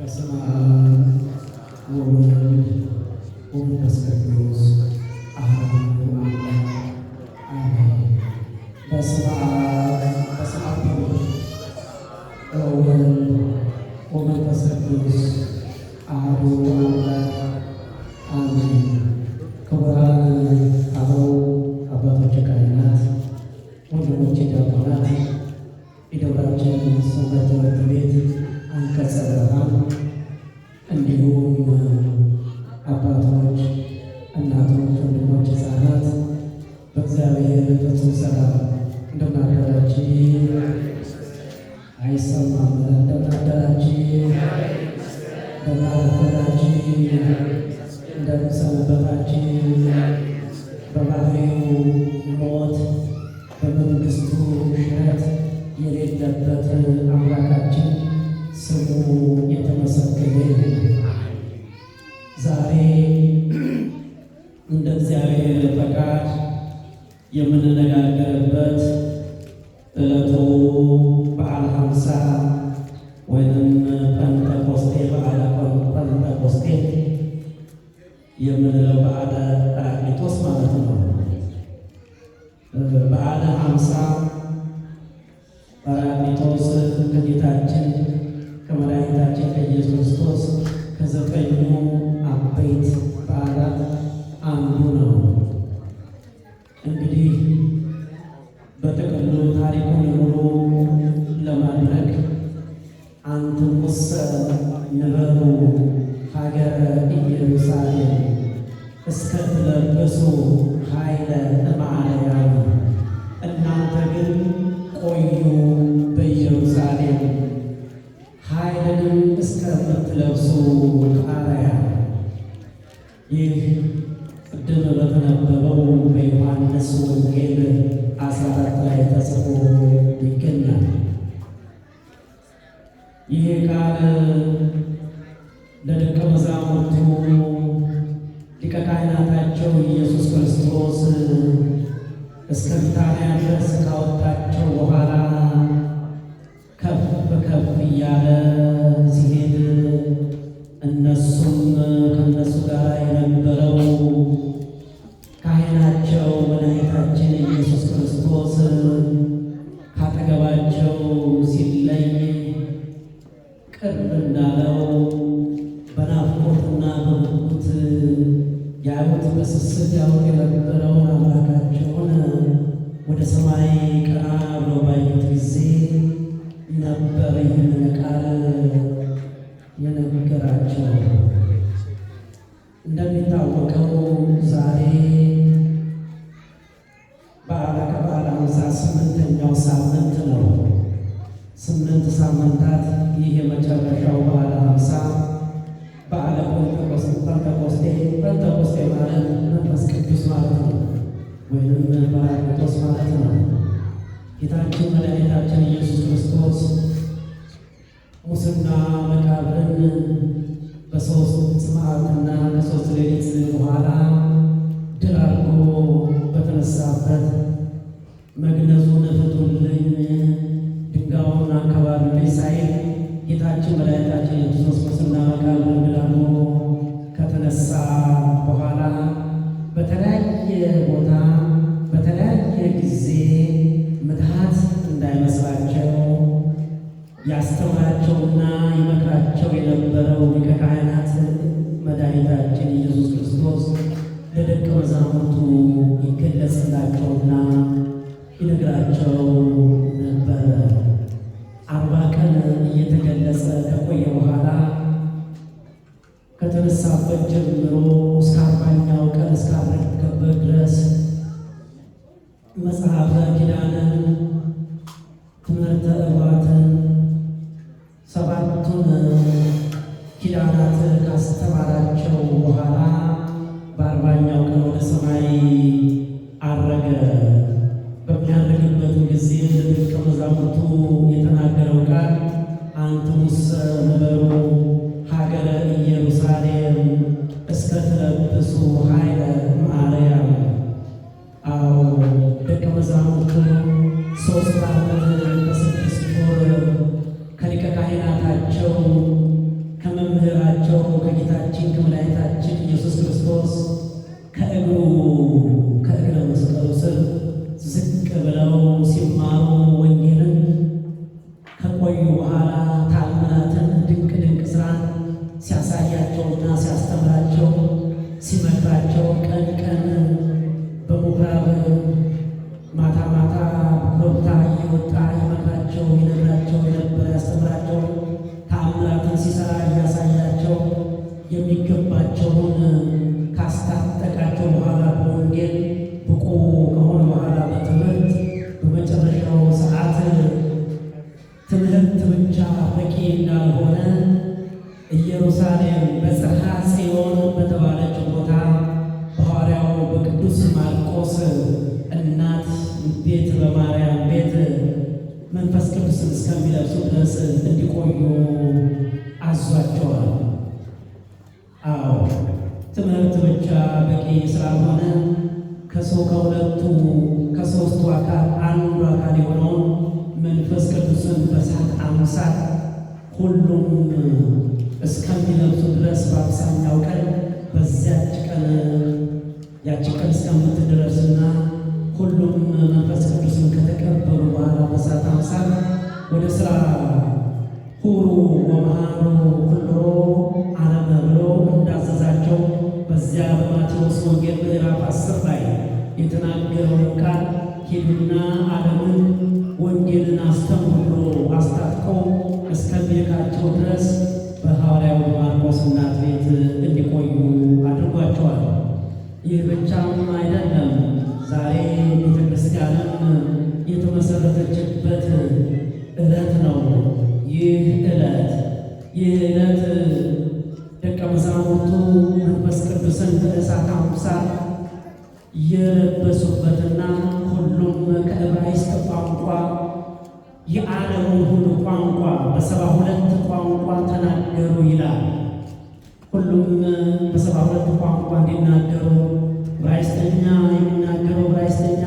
Pasa woman, woman Pastor Cruz, ahapon po ang amin. Pasa pasa ako, woman, woman Pastor Cruz, ahapon po ang amin. የቤቶችን ሰላም እንደምናደራችሁ አይሰማም። እንደምናደራችሁ እንደምናረፈዳችሁ እንደምንሰነበታችሁ በባህሪው ሞት በመንግስቱ ሽረት የሌለበት አምላካችን ስሙ የተመሰገነ ዛሬ እንደ እግዚአብሔር ፈቃድ የምንነጋገርበት ዕለቱ በዓለ ሃምሳ ወይም ጴንጠቆስጤ በዓለ የምንለው በዓለ ጰራቅሊጦስ ማለት ነው። በዓለ ሃምሳ ጰራቅሊጦስ ከጌታችን ከመድኃኒታችን ከኢየሱስ ክርስቶስ ከዘጠኙ አበይት በዓላት አንዱ ነው። ንበሩ ሀገረ ኢየሩሳሌም እስከ ትለብሱ ኃይለ እማሕያው እናንተ ግን ቆዩ በኢየሩሳሌም ኃይልንም እስከምትለብሱ ቃሪያ ይህ ቅድም በተነበበው በዮሐንስ ወንጌል አስራ አራት ላይ ተጽፎ ይገኛል። ይህ ቃል ለደቀ መዛሙርቱ ሊቀ ካህናታቸው ኢየሱስ ክርስቶስ እስከ ቢታንያ ድረስ ካወጣቸው በኋላ ከፍ ከፍ እያለ ሲሄድ እነሱም ከነሱ ጋር የነበረው ካህናቸው መድኃኒታቸው ዛሬ በዓለ ከበዓለ ኀምሳት ስምንተኛው ሳምንት ነው። ስምንት ሳምንታት ይህ የመጨረሻው በዓለ ኀምሳ በዓለ ጴንጤቆስጤ ጴንጤቆስጤ ማለት መንፈስ ቅዱስ ማለት ነው፣ ወይም ጰራቅሊጦስ ማለት ነው። ጌታችን መድኃኒታችን ኢየሱስ ክርስቶስ ሙስና መቃብርን በሶስት መዓልትና በሶስት ሌሊት በኋላ የተነሳበት መግነዙን ፍቱልኝ ድንጋዩን አካባቢ ሳይል ጌታችን መድኃኒታችን ኢየሱስ ክርስቶስና በቃሉ ብላሞ ከተነሳ በኋላ በተለያየ ቦታ በተለያየ ጊዜ ምትሃት እንዳይመስላቸው ያስተምራቸውና ይመክራቸው የነበረው ሊቀ ካህናት መድኃኒታችን ኢየሱስ ክርስቶስ ለደቀ መዛሙርቱ ይገለጽላቸውና ይነግራቸው ነበረ። አርባ ቀን እየተገለጸ ከቆየ በኋላ ከተነሳበት ጀምሮ እስከ አርባኛው ቀን እስካረገበት ድረስ መጽሐፈ ኪዳንን ትምህርተ እባትን ሰባቱን ኪዳናት ካስተማራቸው በኋላ እናት ቤት በማርያም ቤት መንፈስ ቅዱስን እስከሚለብሱ ድረስ እንዲቆዩ አዟቸዋል። አዎ ትምህርት ብቻ በቂ ስላልሆነ ከሰው ከሁለቱ ከሶስቱ አካል አንዱ አካል የሆነውን መንፈስ ቅዱስን በሳት አምሳት ሁሉም እስከሚለብሱ ድረስ በአብዛኛው ቀን በዚያች ቀን ያቺ ቀን እስከምትደረስና ሁሉም መንፈስ ቅዱስን ከተቀበሉ በኋላ በሰዓት አምሳል ወደ ስራ ሁሩ ወመሃሩ ፍልሮ አለመ ብሎ እንዳዘዛቸው በዚያ በማቴዎስ ወንጌል ምዕራፍ አስር ላይ የተናገረውን ቃል ሂዱና ዓለምን ወንጌልን አስተምሩ ብሎ አስታጥቀው እስከሚልካቸው ድረስ በሐዋርያው ማርቆስ እናት ቤት እንዲቆዩ አድርጓቸዋል። ይህ ብቻም አይደለም። ዛሬ ቤተክርስቲያንም የተመሰረተችበት ዕለት ነው። ይህ ዕለት ይህ ዕለት ደቀ መዛሙርቱ መንፈስ ቅዱስን በእሳት አምሳል የለበሱበትና ሁሉም ከዕብራይስጥ ቋንቋ የዓለሙን ሁሉ ቋንቋ በሰባ ሁለት ቋንቋ ተናገሩ ይላል። ሁሉም በሰባ ሁለት ቋንቋ እንዲናገሩ ብራይስተኛ የሚናገረው ብራይስተኛ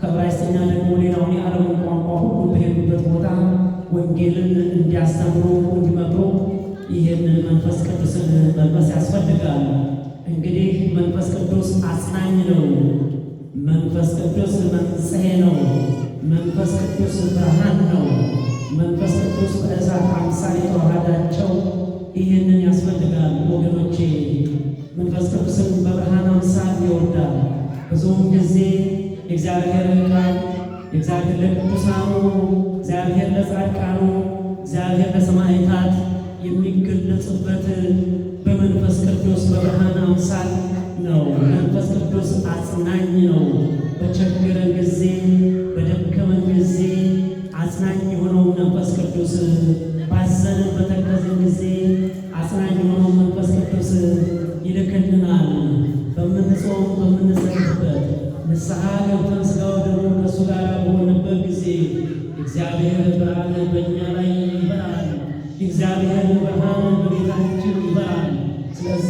ከብራይስተኛ ደግሞ ሌላውን የዓለምን ቋንቋ ሁሉ በሄዱበት ቦታ ወንጌልን እንዲያስተምሩ እንዲመክሩ ይህንን መንፈስ ቅዱስን መልበስ ያስፈልጋል። እንግዲህ መንፈስ ቅዱስ አጽናኝ ነው። መንፈስ ቅዱስ መንጽሔ ነው። መንፈስ ቅዱስ ብርሃን ነው። መንፈስ ቅዱስ በእሳት አምሳል የተዋሃዳቸው ይህንን ያስፈልጋል ወገኖቼ። መንፈስ ቅዱስን በብርሃን አምሳል ይወርዳል። ብዙውን ጊዜ የእግዚአብሔር ቃል እግዚአብሔር ለቅዱሳኑ፣ እግዚአብሔር ለጻድቃኑ፣ እግዚአብሔር ለሰማዕታት የሚገለጽበት በመንፈስ ቅዱስ በብርሃን አምሳል ነው። መንፈስ ቅዱስ አጽናኝ ነው። በቸገረን ጊዜ፣ በደከመን ጊዜ አጽናኝ የሆነው መንፈስ ቅዱስ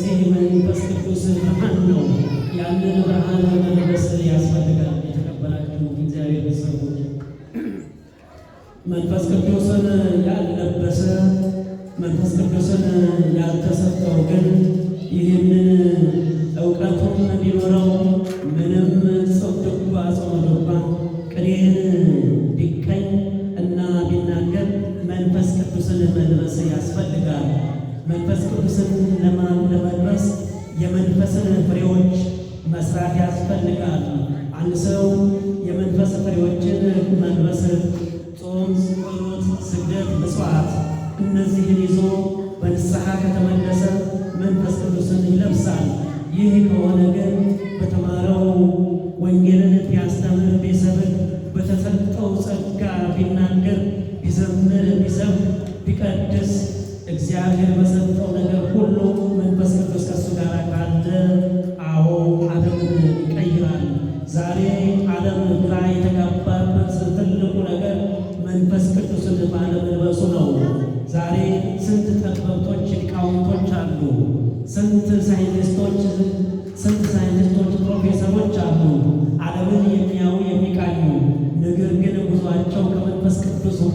እዚህ መንፈስ ቅዱስ ብርሃን ነው። ያንን ብርሃን መልበስ ያስፈልጋል። የተቀበላችሁ እግዚአብሔር ሰዎች መንፈስ ቅዱስን ያልለበሰ መንፈስ ቅዱስን ያልተሰጠው ግን ይህንን እውቀቱም ቢኖረው ምንም ሰው ድጓ ሰው ድጓ ቅኔን ቢቀኝ እና ቢናገር መንፈስ ቅዱስን መልበስ ያስፈልጋል። መንፈስ ቅዱስን ለማድረስ የመንፈስን ፍሬዎች መስራት ያስፈልጋል። አንድ ሰው የመንፈስ ፍሬዎችን መድረስ ጾም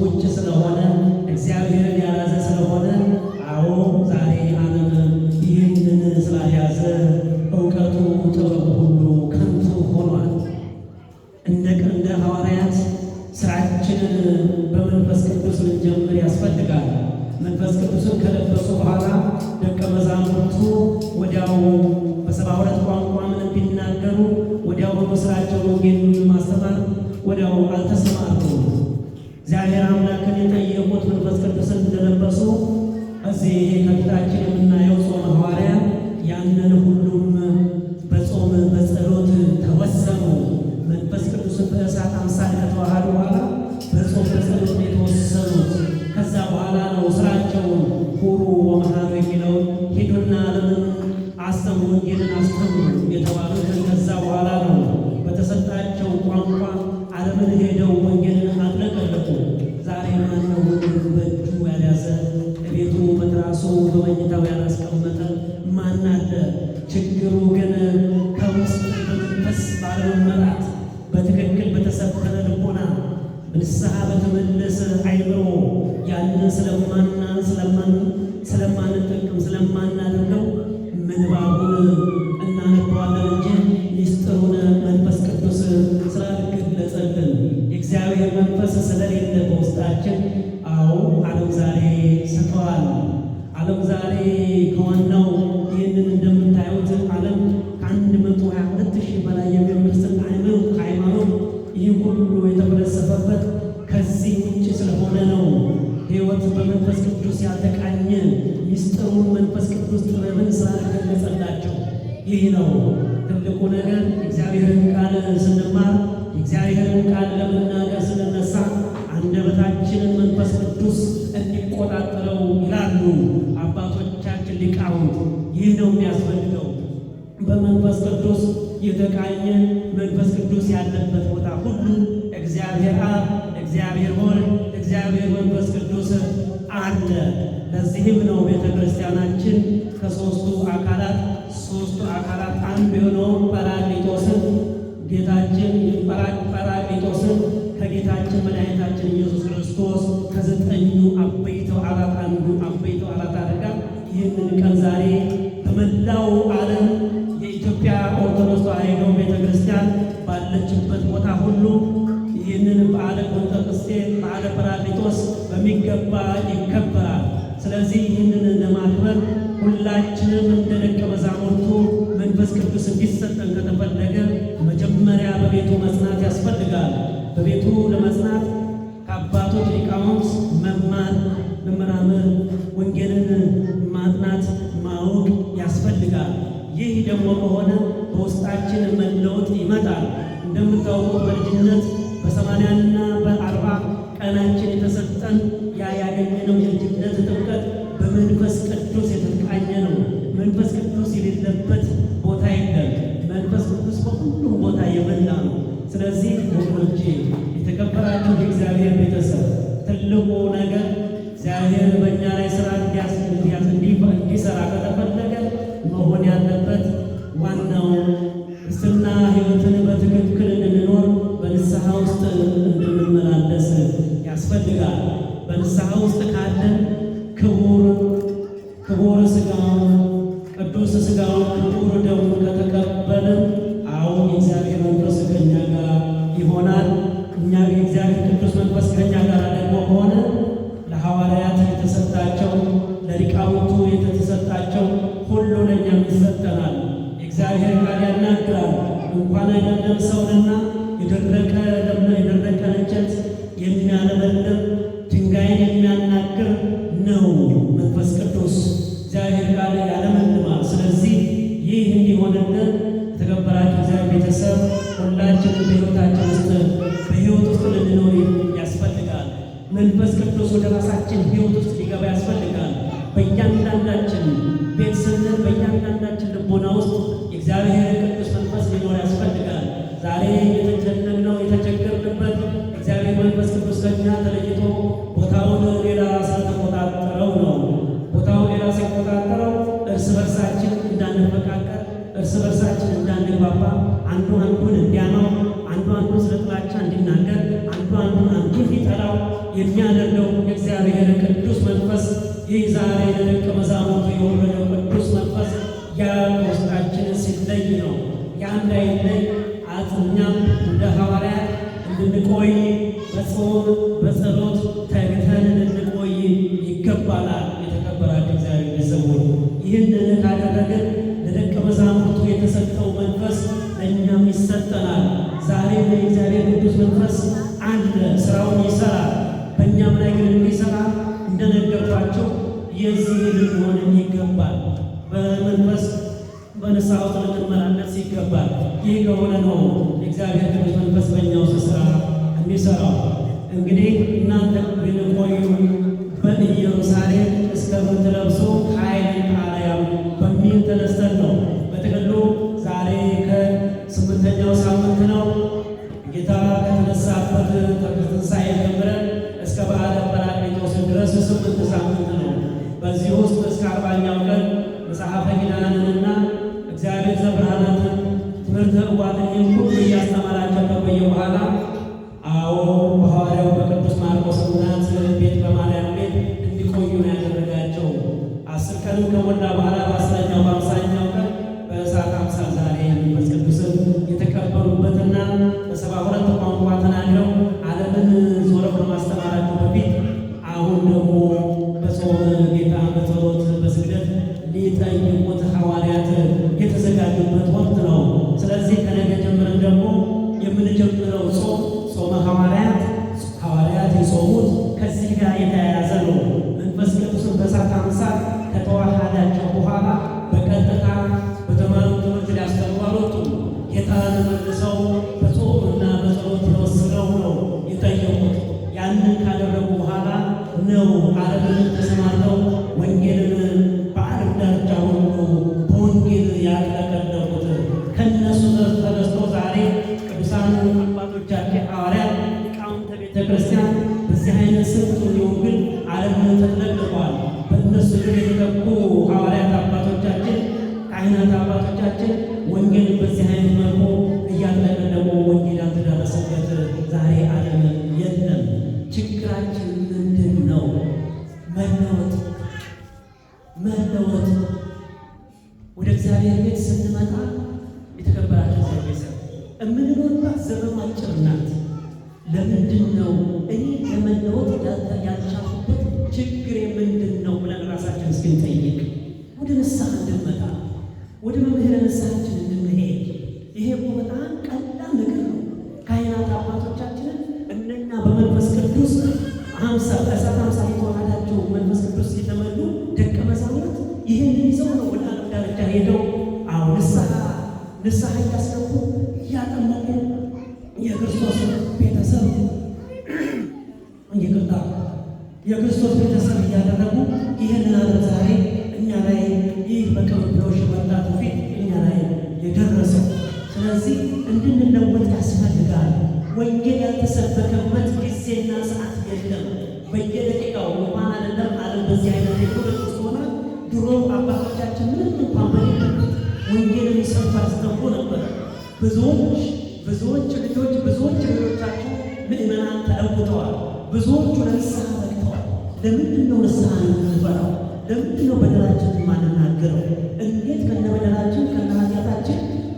ውጭ ስለሆነ እግዚአብሔርን ያላዘ ስለሆነ አዎ ዛሬ ዓለም ይህንን ስላልያዘ እውቀቱ ጥበብ ሁሉ ከንቱ ሆኗል። እንደ እንደ ሐዋርያት ስራችንን በመንፈስ ቅዱስ ልንጀምር ያስፈልጋል። መንፈስ ቅዱስን ከለበሱ በኋላ ደቀ መዛሙርቱ ንስሐ በተመለሰ አይምሮ ያንን ስለማና ስለማን ስለማንጠቅም ስለማናደርገው ምንባቡን በምሳሌ ገለጸላቸው። ይህ ነው ትልቁ ነገር። እግዚአብሔርን ቃል ስንማር እግዚአብሔርን ቃል ለመናገር ስንነሳ አንደበታችንን መንፈስ ቅዱስ እንዲቆጣጠረው ይላሉ አባቶቻችን ሊቃውንት። ይህ ነው የሚያስፈልገው በመንፈስ ቅዱስ የተቃኘ መንፈስ ቅዱስ ያለበት ቦታ ሁሉ እግዚአብሔር አብ፣ እግዚአብሔር ወልድ፣ እግዚአብሔር መንፈስ ቅዱስ አለ። ለዚህም ነው ቤተ ክርስቲያናችን ከሶስቱ አካላት ሶስቱ አካላት አንዱ የሆነውን ጰራቅሊጦስን ጌታችን ጰራቅሊጦስን ከጌታችን መድኃኒታችን ኢየሱስ ክርስቶስ ከዘጠኙ አበይተ በዓላት አንዱ አበይተ በዓላት አድርጋ ይህንን ቀን ዛሬ በመላው ዓለም የኢትዮጵያ ኦርቶዶክስ ተዋሕዶ ቤተ ይላሉ። እንደምታውቁት በልጅነት በሰማንያና በአርባ ቀናችን የተሰጠን ያ ያገኘነው የልጅነት ጥምቀት Mr. Donald, a ልንኖር ያስፈልጋል። መንፈስ ቅዱስ ወደ ራሳችን ሕይወት ውስጥ ሊገባ ያስፈልጋል። በእያንዳንዳችን ቤት ስንል በእያንዳንዳችን ልቦና ውስጥ የእግዚአብሔር ቅዱስ መንፈስ ሊኖር ያስፈልጋል። ዛሬ የተጨነቅነው የተቸገርንበት እግዚአብሔር መንፈስ ቅዱስ ከኛ ተለየ አገልጋይነት እኛም እንደ ሐዋርያት እንድንቆይ በጾም በጸሎት ተግተን እንድንቆይ ይገባላል። የተከበራችሁ እግዚአብሔር ቤተሰቦች ይህንን ካደረግን ለደቀ መዛሙርቱ የተሰጠው መንፈስ ለእኛም ይሰጠናል። ዛሬ የእግዚአብሔር ቅዱስ መንፈስ አብረው ተቋንቋ ተናግረው reina Santo Leão ችግር ምንድን ነው ብለን ራሳችን እስክንጠይቅ ወደ ንስሐ እንድንመጣ ወደ መምህረ ንስሐችን እንድንሄድ ይሄ እኮ በጣም ቀላል ነገር ነው። ካህናት አባቶቻችንን እነኛ በመንፈስ ቅዱስ ሀምሳ ከሰት ሀምሳ የተዋሃዳቸው መንፈስ ቅዱስ የተመሉ ደቀ መዛሙርት ይህን ይዘው ነው ወደ ዓለም ዳርቻ ሄደው አሁ ንስሐ ንስሐ እያስገቡ እያጠሙ እንድንለወጥ ያስፈልጋል። ወንጌል ያልተሰበከበት ጊዜና ሰዓት የለም። በየደቂቃው እንኳን አይደለም አለ በዚህ አይነት የቁጥር ሆነ። ድሮ አባቶቻችን ምንም እንኳን በሌለበት ወንጌልን ይሰብኩ ያስተምሩ ነበር። ብዙዎች ብዙዎች ልጆች ብዙዎች ልጆቻቸው ምእመናን ተለውጠዋል። ብዙዎቹ ለንስሐ በቅተዋል። ለምንድን ነው ንስሐ የምንበራው? ለምንድን ነው በደላችን የማንናገረው? እንዴት ከነ በደላችን ከነ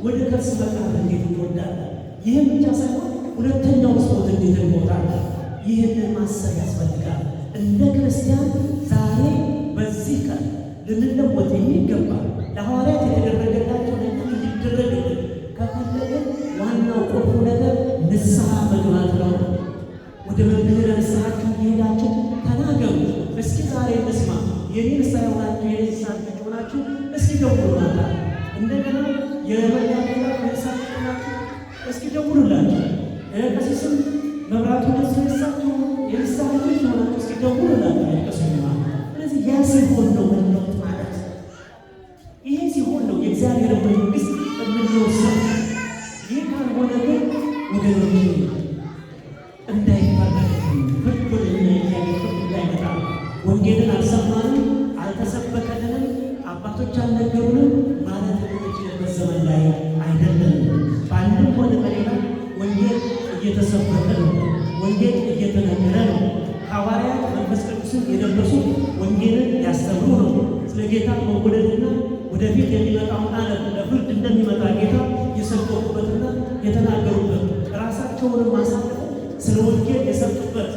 ወደ ከርስ መቃብር እንዴት እንወዳለን። ይህም ብቻ ሳይሆን ሁለተኛው ስፖት እንዴት እንወጣለን። ይህንን ማሰብ ያስፈልጋል። እንደ ክርስቲያን ዛሬ በዚህ ቀን ልንለወጥ የሚገባ ለሐዋርያት የተደረገላቸው ነገር እንዲደረግልን ከፈለግን ዋናው ቁልፉ ነገር ንስሐ መግባት ነው። ወደ መምህረ ንስሐችሁ እየሄዳችሁ ተናገሩ። እስኪ ዛሬ እንስማ። የኔ ንስሐ የሆናችሁ የኔ ንስሐ ሆናችሁ እስኪ ገቡ ማታ እንደገና የበያቤላ መንሳት እስኪ ደውሉላቸው። ቀሲስም መብራቱ ደስነሳቸው የንሳ ልጆች ናቸው። እስኪ ደውሉላቸው። ቀሱ ስለዚህ ያ ሲሆን ነው መለወጥ ማለት ይህ ሲሆን ነው የእግዚአብሔር መንግስት የምንወሰው። ይህ ካልሆነ ግን ወገኖች ወንጌልን አልሰማንም፣ አልተሰበከልንም፣ አባቶች አልነገሩንም ማለት ነው። በአንድም ሆነ በሌላ ወንጌል እየተሰበከ ነው። ወንጌል እየተነገረ ነው። ሐዋርያት መንፈስ ቅዱስን የለበሱት ወንጌልን ያስተምሩ ነው። ስለ ጌታ መወደድና ወደፊት የሚመጣውን ዓለም ለፍርድ እንደሚመጣ ጌታ የሰበኩበትና የተናገሩበት ራሳቸውንም ማሳለፍ ስለ ወንጌል የሰጡበት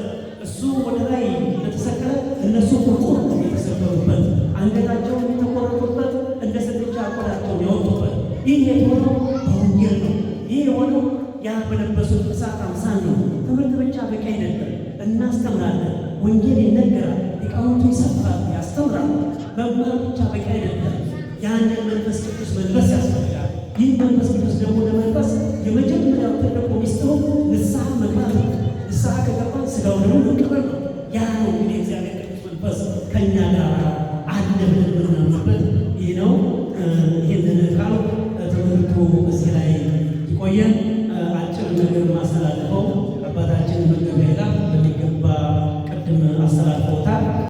እሱ ወደ ላይ ለተሰቀለ እነሱ ቁርቁር የተሰበሩበት አንገታቸውን የተቆረጡበት እንደ ስንቻ ቆዳቸውን ያወጡበት ይህ የሆነው ይህ የሆነው ያ በለበሱት እሳት አምሳል ነው። ትምህርት ብቻ በቂ አይደለም። እናስተምራለን፣ ወንጌል ይነገራል፣ ሊቃውንቱ ይሰብካሉ፣ ያስተምራሉ። መማር ብቻ በቂ አይደለም። ያንን መንፈስ ቅዱስ መልበስ ያስፈልጋል። ይህ መንፈስ ቅዱስ ደግሞ ለመልበስ የመጀመሪያው ትልቁ ሚስጥሩ ንስሐ መግባት ነው። ንስሐ ከገባን ስጋው ደግሞ መቀበል ነው። ያ ነው እንግዲህ እግዚአብሔር ቅዱስ መንፈስ ከእኛ ጋር አለ ብለን ይህ ነው። ይህንን ቃል ትምህርቱ እዚህ ላይ ይቆየን። አጭር ነገር ማስተላለፈው አባታችን መገበያ በሚገባ ቅድም አስተላልፈውታል።